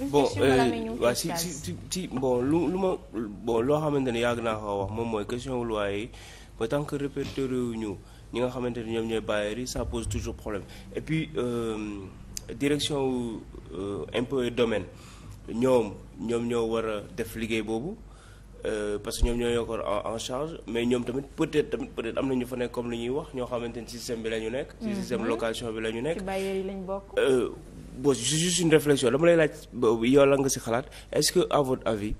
bon euh, waaw si si si si ma bon loo xamante ni yàgg naa ko wax moom mooy question wu loyer yi ba tant que répertorié ñu ñi nga xamante ni ñoom ñooy bailleurs yi ça pose toujours problème et euh, direction wu euh, impôts et ñoom ñoom ñoo war a def liggéey boobu Euh, parce que ñoom ñoo yokkoon en charge mais ñoom tamit peut-être tamit peut-être am na ñu fa nekk comme li ñuy wax ñoo xamante ni système bi la ñu nekk. ci mm-hmm. système location bi la nekk. ci bailleur yi euh, réflexion dama lay laaj yow nga ci xalaat est-ce que à votre avis.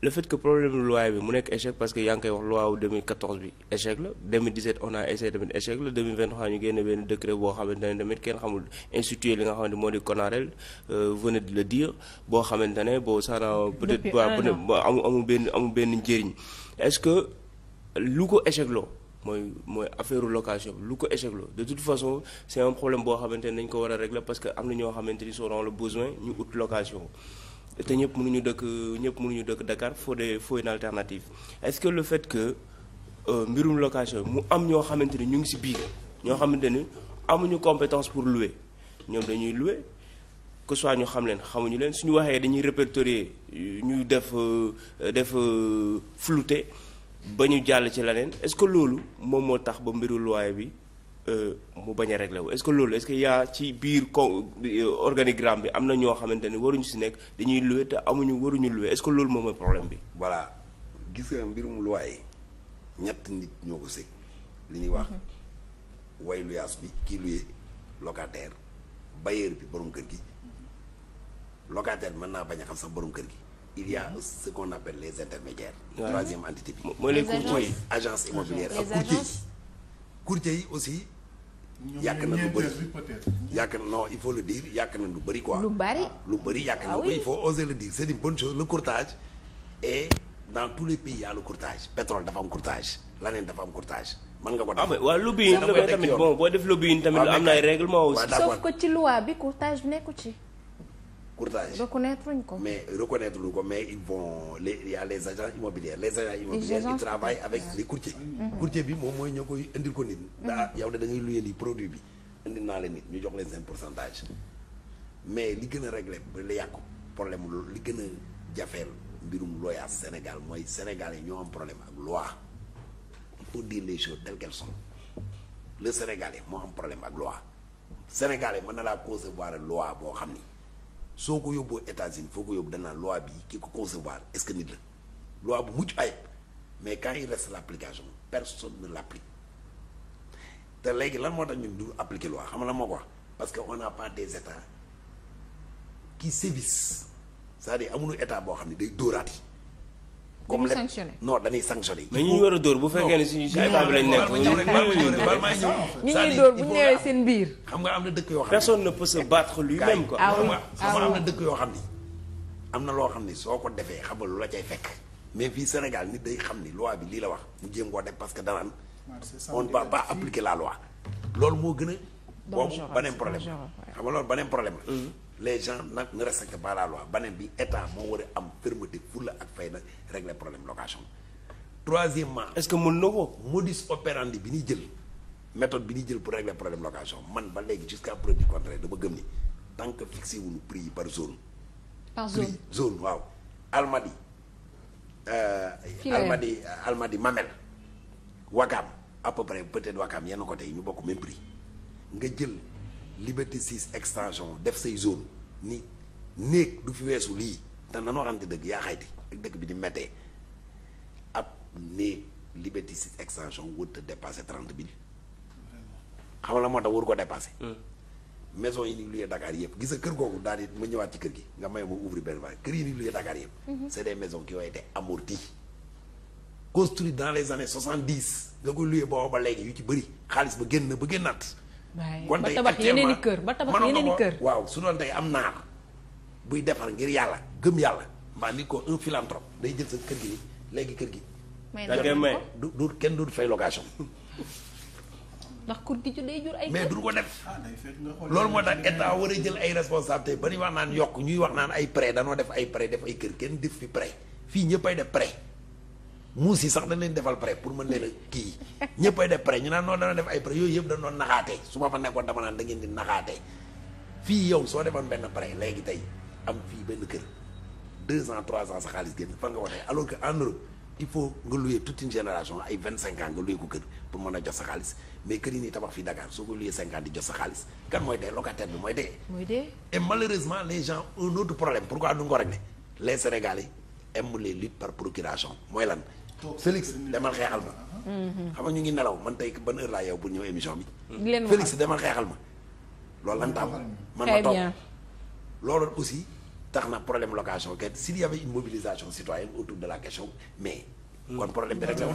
le fait que problème loi bi mu nekk échec parce que yaa ngi koy wax loi wu 2014 bi échec la 2017 on a essayé tamit échec la 2023 ñu génne benn décret boo xamante ne euh, boo xamante ne boo saana peut-être amu benn amu benn njëriñ ce que lu ko échec loo mooy mooy affaire location lu ko échec la de toute façon c'est un problème boo xamante ne dañ ko war a régler parce que am na ñoo xamante ni seront le besoin ñu ut location te ñëpp mënuñu dëkk ñëpp mënuñu dëkk Dakar faut des faut une alternative est-ce que le fait que euh, mbirum location mu am ñoo xamante ni ñu ngi ci biir ñoo xamante ni amuñu compétence pour louer ñoom dañuy louer que soit ñu xam leen xamuñu leen suñu waxee dañuy répertorier euh, ñu def euh, def flouté ba ñu jàll ci leneen est-ce que loolu moom moo tax ba mbiru loyer bi. Euh, mu bañ a réglé wu est-ce que loolu est-ce que yaa ci biir con euh, organigramme bi am na ñoo xamante ne waruñu si nekk dañuy loué te waruñu loué loolu moom mooy bi. voilà gis nga mbirum ñett nit ñoo ko sëg li ñuy wax. way luyaas bi kii luye locataire bailleur bi borom kër gi locataire bi mën naa bañ a xam sax borom kër gi. il y a ce qu'on appelle les intermédiaires. troisième entité bi. mooy les courtiers agence immobilière ak courtier yi courtier yi yàq na lu bëri yàq na non il faut le dire yàq na lu bëri quoi. lu bëri lu bari yàq na ah il faut oser le dire c' est une bonne chose le courtage et dans tous les pays y a courtage pétrole dafa am courtage leneen dafa am courtage mën nga ko def. waaw ah, waaw lobbying tamit bon boo def lobbying tamit am na ay règlement aussi. sauf que ci loi bi courtage nekku ci. courtage. reconnaître ko mais reconnaître ñu ko mais ils vont les il y les agents immobiliers les agents immobiliers ils travaillent avec les courtiers. Mhm. courtier bi moom mooy ñoo koy indil ko nit. daa mhm. ah, yow de da ngay luyee li produit bi indil naa leen nit ñu jox leen seen pourcentage mais li gën a réglé ba la yàqu problème mu li gën a jafeel mbirum loyaas Sénégal mooy Sénégal yi ñoo am problème ak loi il faut dire les choses telles qu'elles moo am problème ak loi Sénégalais mën na laa concevoir loi boo xam ni. soo ko yóbboo États-Unis foo ko yóbbu danaa loi bi ki ko concevoir est-ce que nit la loi bu mucc ayib mais quand il l'application personne ne te léegi lan moo tax ñu du appliquer loi xam nga lan moo ko wax parce que on n'a pas des états qui sévissent c'est-à-dire état boo xam ne day dóoraat comme lépp non dañuy sanctionné. mais ñi ñu war a dóor bu fekkee ne suñu saytaal bi ñu ñëwee xam nga am na dëkk yoo xam ne personne ne peut se dëkk yoo xam ni am na loo xam ni soo ko defee xam lu la cay fekk. mais fii Sénégal nit day xam ni loi bi lii la wax mu jéem koo def parce que danaan on ne va pas appliquer la loi. loolu moo gën a. boobu beneen problème xam nga loolu beneen problème la. Mm-hmm. les gens nag ne respectent pas la beneen bi état moo war a am fermeté fulla ak fayda régler problème location troisièmement est-ce que mën na ko modus operandi bi ñuy jël méthode bi ñuy jël pour régler problème location man ba léegi jusqu'à preuve du contraire dama gëm ni tant que fixé wuñu prix yi par zone par zone prix zone waaw Almadi euh, Almadi Almadi Mamel Wakam à peu près peut-être yenn ko yi ñu bokk même prix nga jël liberté 6 extension def say zone ni néeg du fi weesu lii te nanoo xam dëgg yaa xayti ak dëkk bi di méttee ab néeg liberté 6 extension wut a dépassé 30 000 xam nga la moo tax waru ko dépassé. Hmm. maison yi ni luyee Dakar yëpp gis nga kër googu daal di ma ñëwaat ci kër gi nga may ma ouvrir benn vague kër yi ni luyee Dakar yëpp. Mhm. c'est des maisons qui de été amorties. construites dans les annes 70 nga koy luyee booba ba léegi yu ci bëri xaalis ba génn ba génnaat. kon tey actuellement ba tabax yeneen i kër waaw su doon tey am naar buy defar ngir yàlla gëm yàlla mbaa nit ko philanthrope day jël sa kër gi léegi kër gi. may du du kenn du fay location. ndax kur gi day jur ay. mais du ko def. Ah, loolu moo tax état war a jël ay responsabilité ba ñuy wax naan yokk ñuy wax naan ay prêt danoo def ay prêt def ay kër kenn def fi prêt fii ñëpp ay def prêt. muus yi sax dañ leen defal prêt pour mën leen a kii ñëpp ay def prêt ñu naan noonu dana def ay prêt yooyu yëpp dañ doon naxaatee su ma fa nekkoon dama naan da ngeen di naxaatee fii yow soo defoon benn prêt léegi tey am fii benn kër deux ans trois ans sa xaalis génn fan nga waxee alors que en Europe il faut nga louer toute une génération ay vingt cinq ans nga louer ko kër pour mën a jot sa xaalis mais kër yi ñuy tabax fii Dakar soo ko louer cinq ans di par procuration mooy lan. Félix demal xeexal ma. xam nga ñu ngi nelaw man tey ba heure laa yow pour ñëw émission bi. Félix demal xeexal ma. loolu lan tàmm man ma toog loolu aussi tax na problème location kenn si y avait une mobilisation citoyenne autour de la question mais. kon problème bi rek la